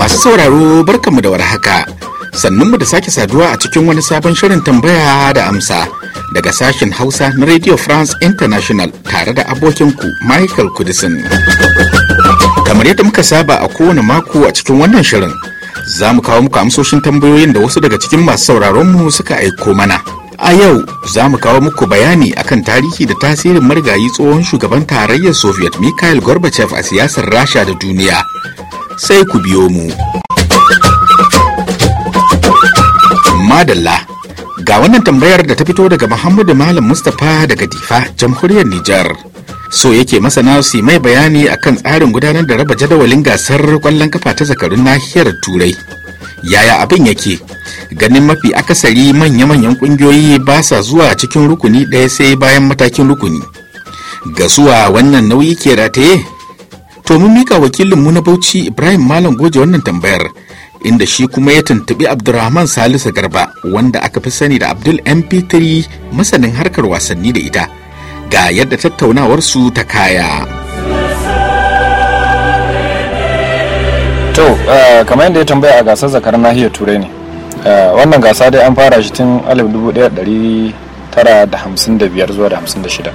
masu sauraro barkanmu da warhaka sannunmu da sake saduwa a cikin wani sabon shirin tambaya da amsa daga sashen Hausa na Radio France International tare da abokinku Michael Kudisin. Kamar yadda muka saba a kowane mako a cikin wannan shirin, za mu kawo muku amsoshin tambayoyin da wasu daga cikin masu sauraronmu suka aiko mana. A yau za mu kawo muku bayani akan tarihi da tasirin marigayi tsohon shugaban tarayyar Soviet Mikhail Gorbachev a siyasar Rasha da duniya. Sai ku biyo mu. Madalla Ga wannan tambayar da ta fito daga Muhammadu Malam Mustapha daga Difa, Jamhuriyar Nijar. So yake masana su mai bayani akan tsarin gudanar da raba jadawalin gasar kwallon kafa ta zakarun nahiyar Turai. Yaya abin yake? Ganin mafi akasari manya-manyan kungiyoyi ba sa zuwa cikin rukuni ɗaya sai bayan matakin rukuni. Ga suwa wannan nauyi ke rataye? To mun mika wakilinmu na Bauchi Ibrahim Malam Goje wannan tambayar inda shi kuma ya tuntubi Abdulrahman Salisu Garba wanda aka fi sani da Abdul MP3 masanin harkar wasanni da ita ga yadda tattaunawar su ta kaya. To, eh, kamar yadda ya tambaya a gasar zakar nahiyar Turai ne. Eh, wannan gasa dai an fara shi tun 1955 zuwa 56.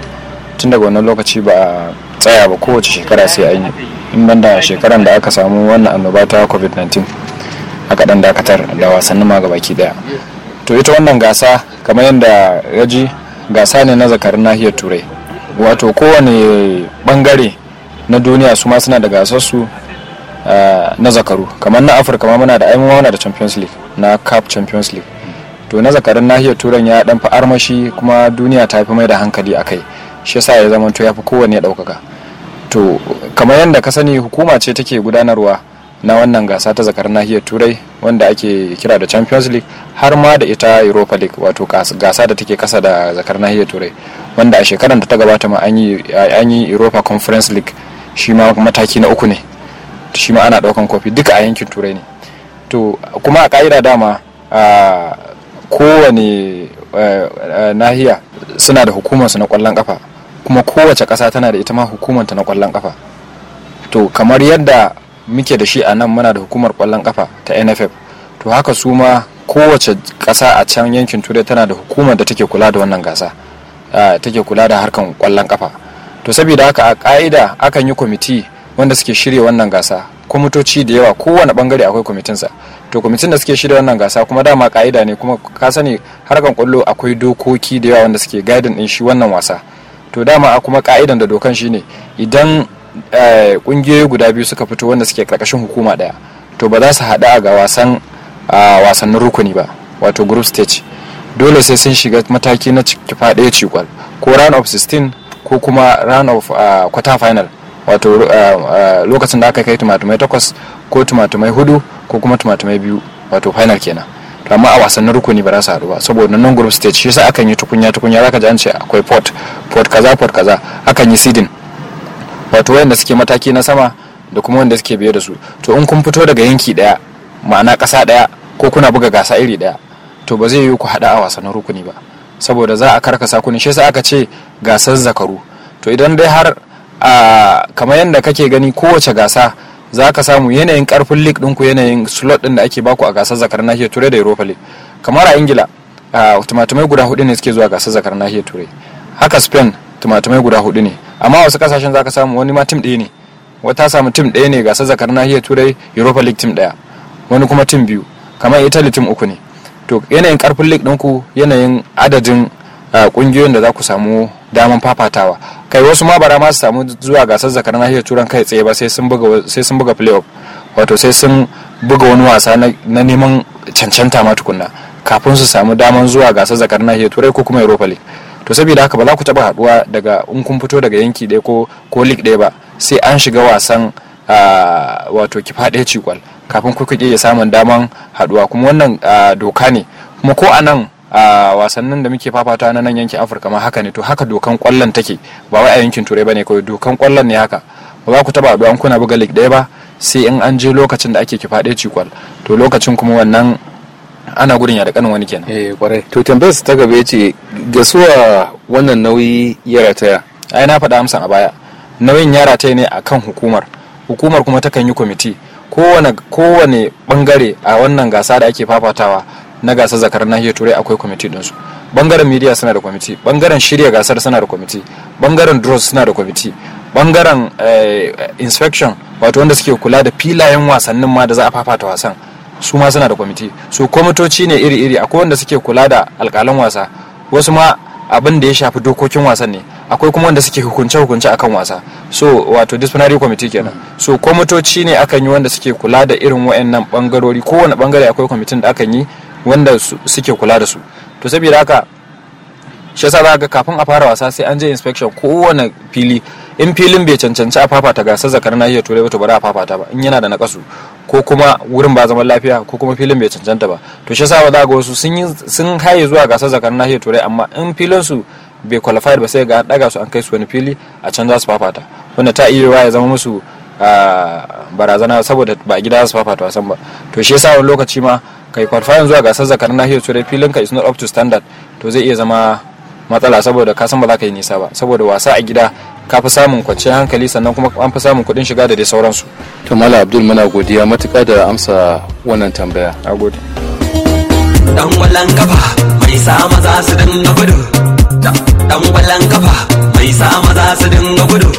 Tun daga wannan lokaci ba a tsaya ba kowace shekara sai an yi. in banda shekaran da aka samu wannan annoba ta covid-19 aka dan dakatar da wasannin ma gabaki daya to ita wannan gasa kamar yadda yaji gasa ne na zakarin nahiyar turai wato kowane bangare na duniya su ma suna da gasarsu ah, na zakaru kamar na afirka ma muna da aimuwa muna da champions league na cup champions league to na zakarin nahiyar turai ya dan fi armashi kuma duniya ta fi mai da hankali a kai shi yasa ya zama to ya fi kowanne ɗaukaka to kamar yadda ka sani hukuma ce take gudanarwa na wannan gasa ta zakar nahiyar turai wanda ake kira da champions league har ma da ita europa league wato gasa da take kasa da zakar nahiyar turai wanda a shekarar da ta gabata ma an yi europa conference league shi ma mataki na uku ne shi ma ana daukan kofi duka a yankin turai ne to kuma a ka'ida dama a kowane nahiya suna da hukumarsu na kwallon kafa kuma kowace kasa tana da ita ma hukumarta na kwallon kafa to kamar yadda muke da shi a nan muna da hukumar kwallon kafa ta nff to haka su ma kowace kasa a can yankin turai tana da hukumar da take kula da wannan gasa take kula da harkan kwallon kafa to saboda haka a ka'ida akan yi kwamiti wanda suke shirya wannan gasa kwamitoci da yawa kowane bangare akwai kwamitinsa to kwamitin da suke shirya wannan gasa kuma dama ka'ida ne kuma ka sani harkan kwallo akwai dokoki da yawa wanda suke gadin din shi wannan wasa to dama kuma ka'idan da dokan shi ne idan Eh, kungiyoyi guda biyu suka fito wanda suke karkashin hukuma daya to ba za su hada ga wasan ah, wasannin rukuni ba wato group stage dole sai sun shiga mataki na kifa daya cikwal ko round of 16 ko kuma round of ah, quarter final wato ah, lokacin da aka kai tumatumai takwas ko tumatumai hudu ko kuma tumatumai biyu wato final kenan amma a wasannin rukuni ba za su haɗu ba saboda nan group stage shi sa akan yi tukunya tukunya zaka ji an ce akwai port port kaza port kaza akan yi seeding wato wayanda suke mataki na sama da kuma wanda suke biye da su to in kun fito daga yanki daya ma'ana kasa daya ko kuna buga gasa iri daya to ba zai yiwu ku haɗa a wasannin rukuni ba saboda za a karkasa ku ne shi yasa aka ce gasar zakaru to idan dai har a kamar yadda kake gani kowace gasa za ka samu yanayin karfin league ɗinku yanayin slot ɗin da ake baku a gasar zakar nahiyar turai da europa league kamar a ingila tumatumai guda hudu ne suke zuwa gasar zakar nahiyar turai haka spain tumatumai guda hudu ne amma wasu kasashen zaka samu wani ma tim ɗaya ne wata samu tim ɗaya ne gasar zakar nahiyar turai europa league tim ɗaya wani kuma tim biyu kamar italy tim uku ne to yanayin karfin league ɗinku yanayin adadin kungiyoyin ah, da za ku samu daman fafatawa kai wasu ma bara ma su samu zuwa gasar zakar nahiyar turan kai tsaye ba sai sun buga sai playoff wato sai sun buga wani wasa na neman cancanta ma tukunna kafin su samu daman zuwa gasar zakar nahiyar turai ko kuma europa league to saboda haka ba za ku taba haduwa daga in kun fito daga yanki ɗaya ko ko league ɗaya ba sai an shiga wasan wato ki faɗe cikwal kafin ku kike samun daman haduwa kuma wannan doka ne kuma ko a nan a wasannin da muke fafata na nan yankin afirka ma haka ne to haka dokan kwallon take ba wai a yankin turai ba ne dokan kwallon ne haka ba za ku taba haduwa kuna buga league ɗaya ba sai in an je lokacin da ake ki faɗe cikwal to lokacin kuma wannan ana gudun ya da kanin wani kenan eh kwarai to tambayar ta gaba yace ga suwa wannan nauyi ya rataya ai na faɗa amsa a baya nauyin ya rataya ne akan hukumar hukumar kuma takan yi kwamiti kowane kowane bangare a wannan gasa da ake fafatawa na gasar zakar nahiyar turai akwai kwamiti ɗinsu bangaren media suna da kwamiti bangaren shirya gasar suna da kwamiti bangaren drones suna da kwamiti bangaren eh, inspection wato wanda suke kula da filayen wasannin ma da za a fafata wasan su ma suna da kwamiti su kwamitoci ne iri-iri akwai wanda suke kula da alkalan wasa wasu ma abin da ya shafi dokokin wasan ne akwai kuma wanda suke hukunce-hukunce akan wasa so wato disciplinary committee kenan so kwamitoci ne akan yi wanda suke kula da irin wayannan bangarori kowane bangare akwai kwamitin da akan yi wanda suke kula da su to saboda haka shi yasa za ga kafin a fara wasa sai an je inspection kowane fili in filin bai cancanci a fafata gasar zakar nahiyar turai ba to bari a fafata ba in yana da nakasu ko kuma wurin ba zaman lafiya ko kuma filin bai cancanta ba to shi yasa ba za ga wasu sun haye zuwa gasar zakarun nahiyar turai amma in filin su bai qualify ba sai ga daga su an kai su wani fili a can za su fafata wanda ta iya ya zama musu ah, barazana saboda ba gida za su fafata wasan ba to shi yasa wani lokaci ma kai qualify zuwa gasar zakarun nahiyar turai filin ka is not up to standard to zai iya zama matsala saboda ka san ba za ka yi nisa ba saboda wasa a gida ka fi samun kwanciyar hankali sannan kuma an fi samun kuɗin shiga da dai sauransu to mala abdul muna godiya matuƙa da amsa wannan tambaya a gode dan wallan kafa mai sa maza su dinga gudu dan wallan kafa mai sa maza su dinga gudu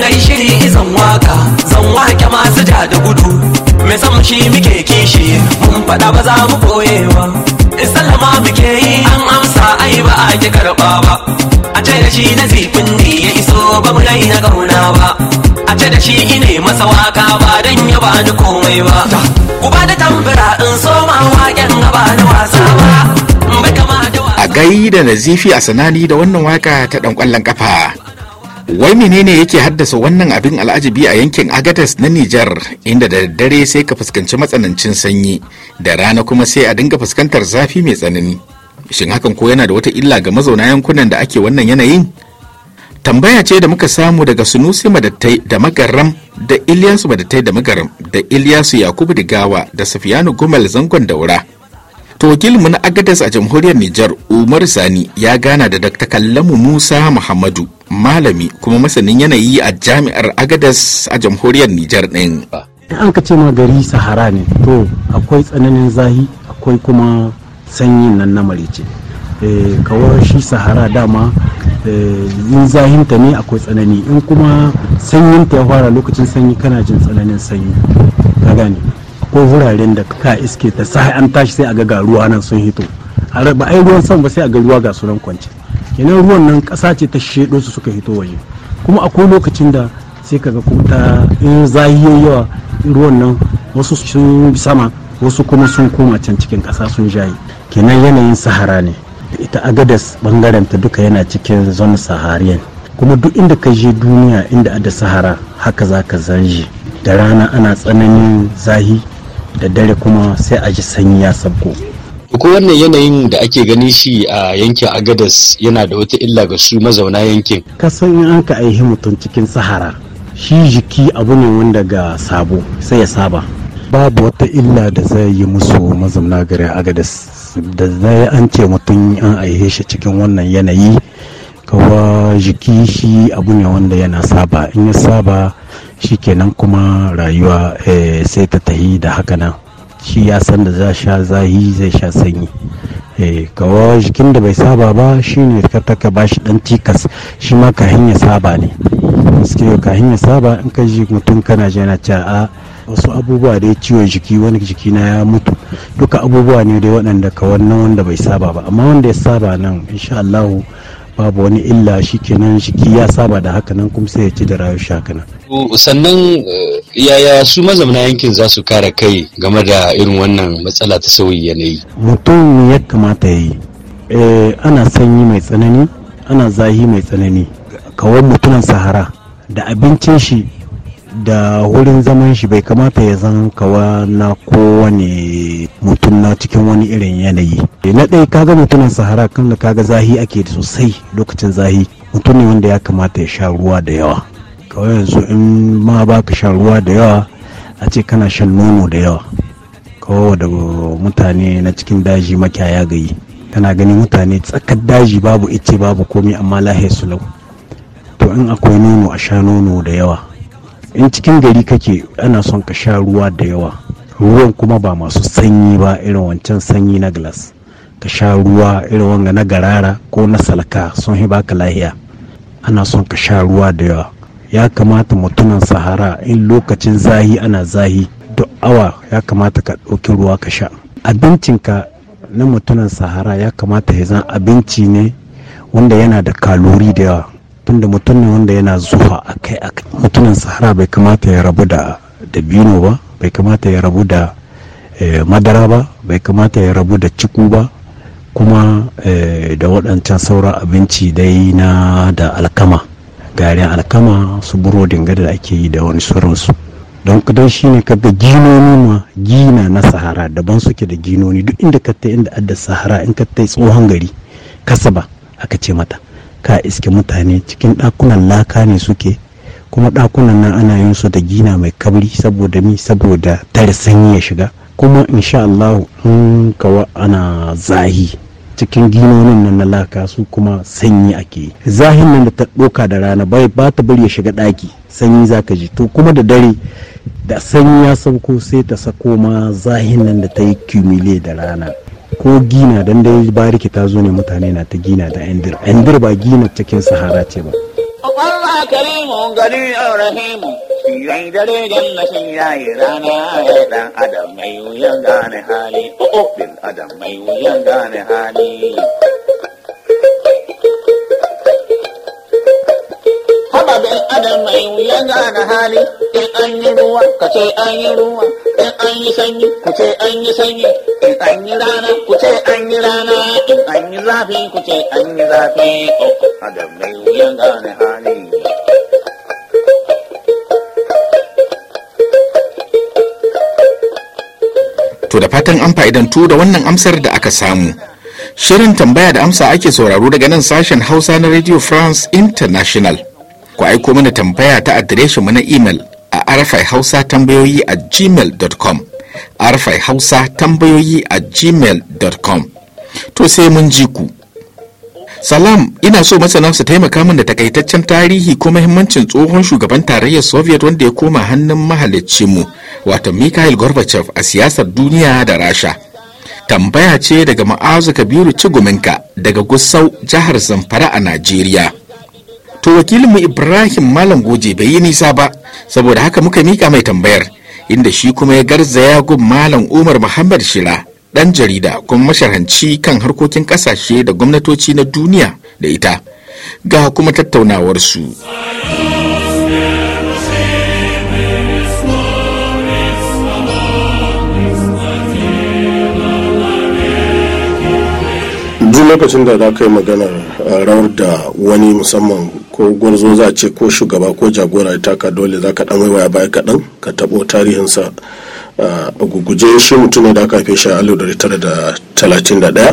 ngai shiri izan waka zan wake masu ja da gudu mai san shi muke kishi mun faɗa ba za mu koyewa in sallama muke yi ki karɓa ba a ce da shi na zikin ne ya iso ba mu na gauna ba a ce da shi ine masa waka ba dan ya ba ni komai ba ba da tambura in so ma waƙen na wasa ba bai kama da a gai da nazifi a sanani da wannan waka ta ɗan kwallon kafa wai menene yake haddasa wannan abin al'ajabi a yankin agadas na Nijar inda da daddare sai ka fuskanci matsanancin sanyi da rana kuma sai a dinga fuskantar zafi mai tsanani shin hakan ko yana da wata illa ga mazauna yankunan da ake wannan yanayin tambaya ce da muka samu daga sunusi madattai da magaram da ilyasu madattai da magaram da ilyasu yakubu gawa da safiyanu gumal zangon daura to mu na agadas a jamhuriyar nijar umar sani ya gana da dr kallamu musa muhammadu malami kuma masanin yanayi a jami'ar agadas a jamhuriyar nijar ɗin in an ka ce ma gari sahara ne to akwai tsananin zahi akwai kuma sanyin nan na marice eh, kawar shi sahara dama eh, in zahinta ne akwai tsanani in kuma sanyinta ya fara lokacin sanyi kana jin tsananin sanyi ka gane akwai wuraren da ka iske ta sai an tashi sai a ga ruwa nan sun hito ba ai ruwan sama ba sai a ga ruwa ga sunan kwance kenan ruwan nan kasa ce ta shedo su suka hito waje kuma akwai lokacin da sai ga kuma ta in zahi yawa ruwan nan wasu sun sama wasu kuma sun koma can cikin ƙasa sun jayi kenan yanayin sahara ne Da ita agadas bangaren ta duka yana cikin zon sahariyan kuma duk inda ka je duniya inda ada sahara haka za ka zanji da rana ana tsananin zahi da dare kuma sai a ji sanyi ya sabko ko wannan yanayin da ake gani shi a yankin agadas yana da wata illa ga su mazauna yankin ka san in an ka aihi mutum cikin sahara shi jiki abu ne wanda ga sabo sai ya saba babu wata illa da zai yi musu mazauna garin agadas da zai an ce mutum an aihe shi cikin wannan yanayi kawa jiki shi abu ne wanda yana saba in ya saba shi kenan kuma rayuwa eh, sai ta tahi da haka nan shi ya san da za sha zahi zai sha sanyi eh, kawo jikin da bai saba ba shi ne ka ba shi dan cikas shi ma kahin ya saba ne suke kahin ya saba in ka ji mutum kana jana cewa a wasu abubuwa da ya ciwon jiki wani jiki na ya mutu duka abubuwa ne dai waɗanda ka wannan wanda bai saba ba amma wanda ya saba nan insha Allah babu wani illa shikenan jiki ya saba da haka nan kuma sai ya ci da rayu shakana. sannan eh, yaya su mazauna yankin za su kare kai game da irin wannan matsala ta sauyi yanayi mutum ya kamata ya yi eh, ana sanyi mai tsanani ana zahi mai tsanani kawai mutumin sahara da abincin shi da wurin zaman shi bai kamata ya zan kawa na kowane mutum na cikin wani irin yanayi eh, na ɗaya kaga mutumin sahara kan da kaga zahi ake sosai lokacin zahi mutum ne wanda ya kamata ya sha ruwa da yawa kawai yanzu in ma baka sha ruwa da yawa a ce kana shan nono da yawa kawai da mutane na cikin daji makiyaya gayi kana gani mutane tsakar daji babu ice babu komi amma lahiyar sulau to in akwai nono a sha nono da yawa in cikin gari kake ana son ka sha ruwa da yawa ruwan kuma ba masu sanyi ba irin wancan sanyi na glass ka sha ruwa irin wanga na garara ko na salka sun hi baka lahiya ana son ka sha ruwa da yawa ya kamata mutumin sahara in lokacin zahi ana zahi duk awa ya kamata ka ɗauki ruwa ka sha abincinka na mutumin sahara ya kamata ya zan abinci ne wanda yana da kalori da yawa tunda mutum ne wanda yana zuwa a a kai mutumin sahara bai kamata ya rabu da dabino ba bai kamata ya rabu da eh, madara ba bai kamata ya rabu da ciku ba kuma eh, da waɗancan sauran abinci dai na da alkama garin alkama su burodin gada da ake yi da wani sauransu don kudan shi ne kaga ginoni ma gina na sahara daban suke da ginoni duk inda ka inda adda sahara in ka ta tsohon gari kasaba aka ce mata ka iske mutane cikin ɗakunan laka ne suke kuma ɗakunan nan ana yin su da gina mai kabri saboda mi saboda tare sanyi ya shiga kuma insha Allah in kawa ana zahi cikin ginonin nan na laka su kuma sanyi ake zahin nan da ta ɗoka da rana bai ba ta bari ya shiga ɗaki sanyi za ka ji to kuma da dare da sanyi ya sauko sai ta sako ma zahin nan da ta yi kumile da rana ko gina dan dai bariki ta zo ne mutane na ta gina ta endir endir ba gina cikin sahara ce ba Allah karimu gari rahimu shirai dare janna shirai rana dan adam mai wuyan gane hali o oh, oh, bil adam mai wuyan gane hali dan adam mai wuyan gane hali in an yi ruwa ka ce an yi ruwa in an yi sanyi ku ce an yi sanyi in an yi rana ku ce an yi rana in an yi zafi ku ce an yi zafi oh, adam mai wuyan gane hali To da fatan an fa'idantu da wannan amsar da aka samu. Shirin tambaya da amsa ake sauraro daga nan sashen Hausa na Radio France International. ku aiko mana tambaya ta adireshin mu na imel a arafai hausa tambayoyi a gmail.com arafai hausa tambayoyi a gmail.com to sai mun ji ku salam ina so masana su taimaka min da takaitaccen tarihi ko mahimmancin tsohon shugaban tarayyar soviet wanda ya koma hannun mahalicci mu wato mikhail gorbachev a siyasar duniya da rasha tambaya ce daga ma'azu kabiru ciguminka daga gusau jihar zamfara a najeriya to wakilin mu ibrahim malam goje bai yi nisa ba saboda haka muka mika mai tambayar inda shi kuma ya garzaya gun malam umar muhammad shila dan jarida kuma masharanci kan harkokin kasashe da gwamnatoci na duniya da ita ga kuma tattaunawarsu duk lokacin da za ka yi maganar eh, rawar da wani musamman ko gwarzo za ce ko shugaba ko jagora ya taka dole za ka dan waya baya kaɗan ka taɓo tarihinsa a guguje shi mutum da aka haife shi a da talatin da ka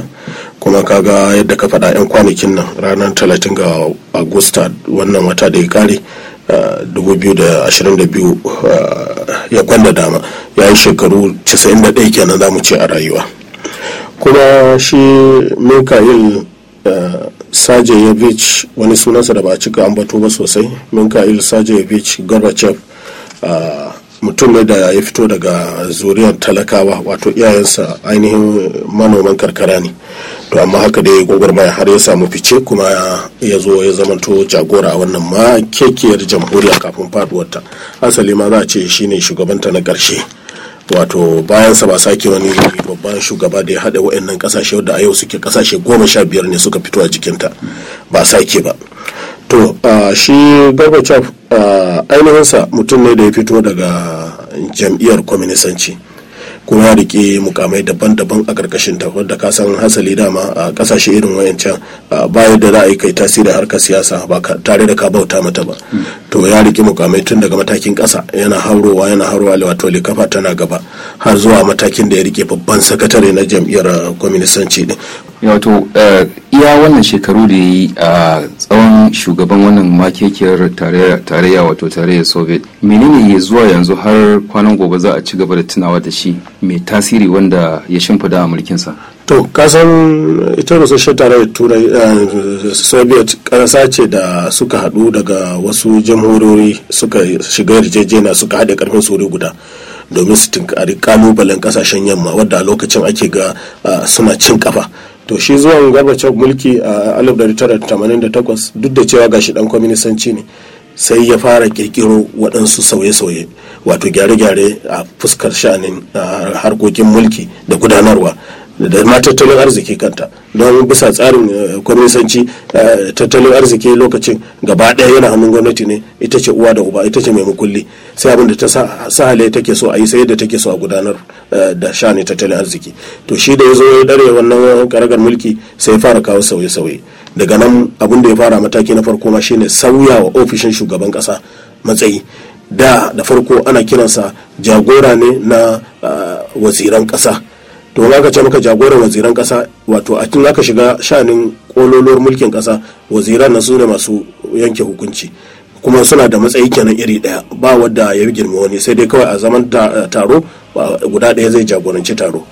kuma kaga yadda ka faɗa 'yan kwanakin nan ranar talatin ga agusta wannan wata da ya kare 2022 ya kwanda dama ya yi shekaru 91 kenan zamu mu ce a rayuwa kuma shi mika'il sajeyevich wani sunansa da ba cika ambato ba sosai minkail sajeyevich gorbachev mutum ne da ya fito daga zuriyar talakawa wato iyayensa ainihin manoman karkara ne to amma haka dai gwagwarmaya har ya samu fice kuma ya zo ya zamanto jagora a wannan ma kekiyar jamhuriya kafin faduwarta asali ma za a ce ne shugabanta na ƙarshe wato bayan sa ba sake wani babban shugaba da ya haɗa wa'annan kasashe da a yau suke kasashe goma sha biyar ne suka fito a jikinta ba sake ba to shi gorbachev ainihinsa mutum ne da ya fito daga jam'iyyar kwaminisanci kuma ya rike mukamai daban-daban a karkashin ta wadda ka san hasali dama a kasashe irin wayancan bayan da za a yi kai tasiri harkar siyasa ba tare da ka bauta mata ba hmm. to ya rike mukamai tun daga matakin kasa yana haurowa yana haurowa wato likafa tana gaba har zuwa matakin da ya rike babban sakatare na jam'iyyar kwaminisanci wato eh, iya wannan shekaru da yi a tsawon shugaban wannan makekiyar tarayya wato tarayyar soviet menene ya zuwa yanzu har kwanan gobe za a ci gaba da tunawa da shi mai tasiri wanda ya shimfida a mulkinsa to kasan ita rusashen tarayyar turai eh, soviet karasa ce da suka hadu daga wasu jamhurori suka shiga yarjejena suka haɗe karfin su guda domin su tinkari kalubalen kasashen yamma wadda a lokacin ake ga suna cin kafa to shi zuwan gorbachev mulki a 1988 duk da cewa gashi dan kwaminisanci ne sai ya fara kirkiro waɗansu sauye-sauye wato gyare-gyare a fuskar sha'anin harkokin mulki da gudanarwa da ma tattalin arziki kanta don bisa tsarin eh, kwaminisanci eh, tattalin arziki lokacin gaba ɗaya yana hannun gwamnati ne ita ce uwa da uba ita ce mai mukulli sai abin da ta sahale take so a yi sai yadda take so a gudanar da shani tattalin arziki to shi da ya zo ya dare wannan karagar mulki sai ya fara kawo sauye-sauye daga nan abin da ya fara mataki na farko ma shine sauya wa ofishin shugaban kasa matsayi da da farko ana kiransa jagora ne na waziran kasa to ka ce maka jagoran waziran kasa wato a tun aka shiga shanin kololuwar mulkin kasa waziran na su ne masu yanke hukunci kuma suna da matsayi kenan iri daya ba wadda ya girma wani sai dai kawai a zaman taro guda ɗaya zai jagoranci taro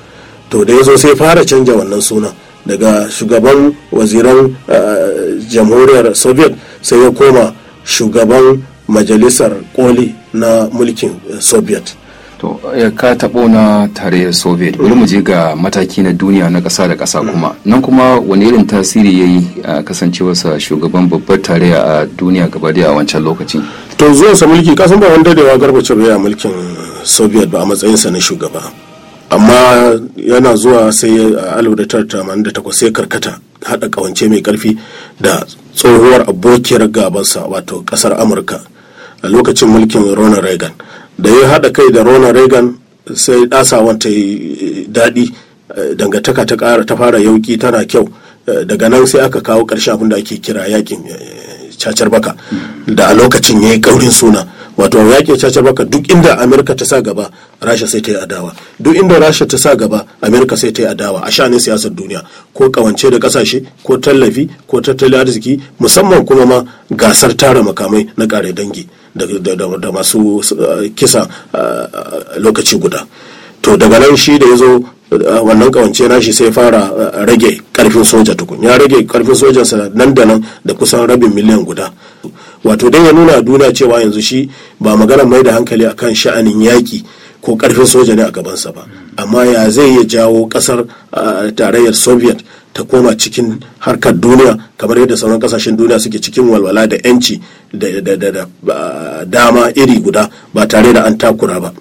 to da ya zo sai fara canja wannan sunan daga shugaban waziran eh, jamhuriyar soviet sai ya koma shugaban majalisar koli na mulkin eh, soviet to ya eh, ka taɓo na tarayyar soviet bari mu je ga mataki na duniya na kasa da kasa kuma nan kuma wani irin tasiri ya yi a kasancewarsa shugaban babbar tarayya a duniya gaba a wancan lokacin to zuwansa mulki kasan ba wanda da ya garbace a mulkin soviet ba a matsayinsa na shugaba amma yana zuwa sai a 1988 sai karkata haɗa ƙawance mai ƙarfi da tsohuwar abokiyar gabansa wato ƙasar amurka a lokacin mulkin ronald reagan da ya haɗa kai da ronald reagan sai ɗasawan ta yi daɗi eh, dangantaka ta ƙara ta fara yauki tana kyau eh, daga nan sai aka kawo ƙarshe abin da ake kira yakin eh, cacar baka da a lokacin ya yi ƙaurin suna wato ke caca baka duk inda amerika ta sa gaba rasha sai ta yi adawa duk inda rasha ta sa gaba amerika sai ta yi adawa a shanin siyasar duniya ko kawance da kasashe ko tallafi ko tattalin arziki musamman kuma ma gasar tara makamai na kare dangi da masu uh, kisa uh, lokaci guda to daga nan shi da ya zo wannan kawance nashi sai fara eh, rage karfin soja tukun ya rage karfin sojansa nan da nan da kusan rabin miliyan guda wato dai ya nuna duniya cewa yanzu shi ba magana mai da hankali akan sha'anin yaƙi ko karfin soja ne a gabansa ba amma ya zai iya jawo kasar eh, tarayyar soviet ta koma cikin harkar duniya kamar yadda sauran kasashen duniya suke cikin walwala da 'yanci da dama iri guda ba tare da an takura ba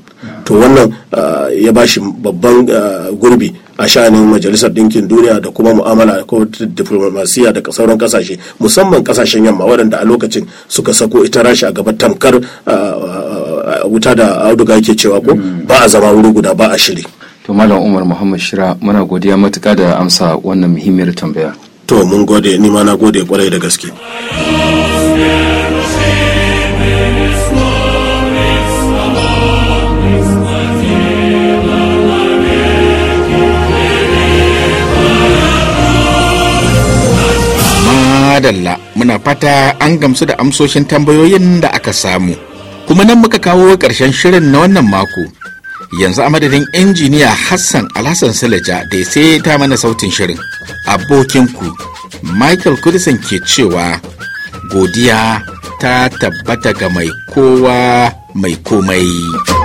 to wannan ah, ya ba shi babban ah, gurbi a sha'anin majalisar ɗinkin duniya da kuma mu'amala ko diplomasiya da sauran kasashe musamman kasashen yamma waɗanda a lokacin suka sako ita rashi a gaba tamkar ah, wuta da auduga yake cewa ko ba a zama wuri guda ba a shiri to malam umar muhammad shira muna godiya matuka da amsa wannan muhimmiyar tambaya to mun gode ni ma na gode kwarai da gaske dalla muna fata an gamsu da amsoshin tambayoyin da aka samu kuma nan muka kawo ƙarshen shirin na wannan mako yanzu a madadin injiniya hassan alhassan silaja da ya ta mana sautin shirin abokin ku michael kudisan ke cewa godiya ta tabbata ga mai kowa mai komai.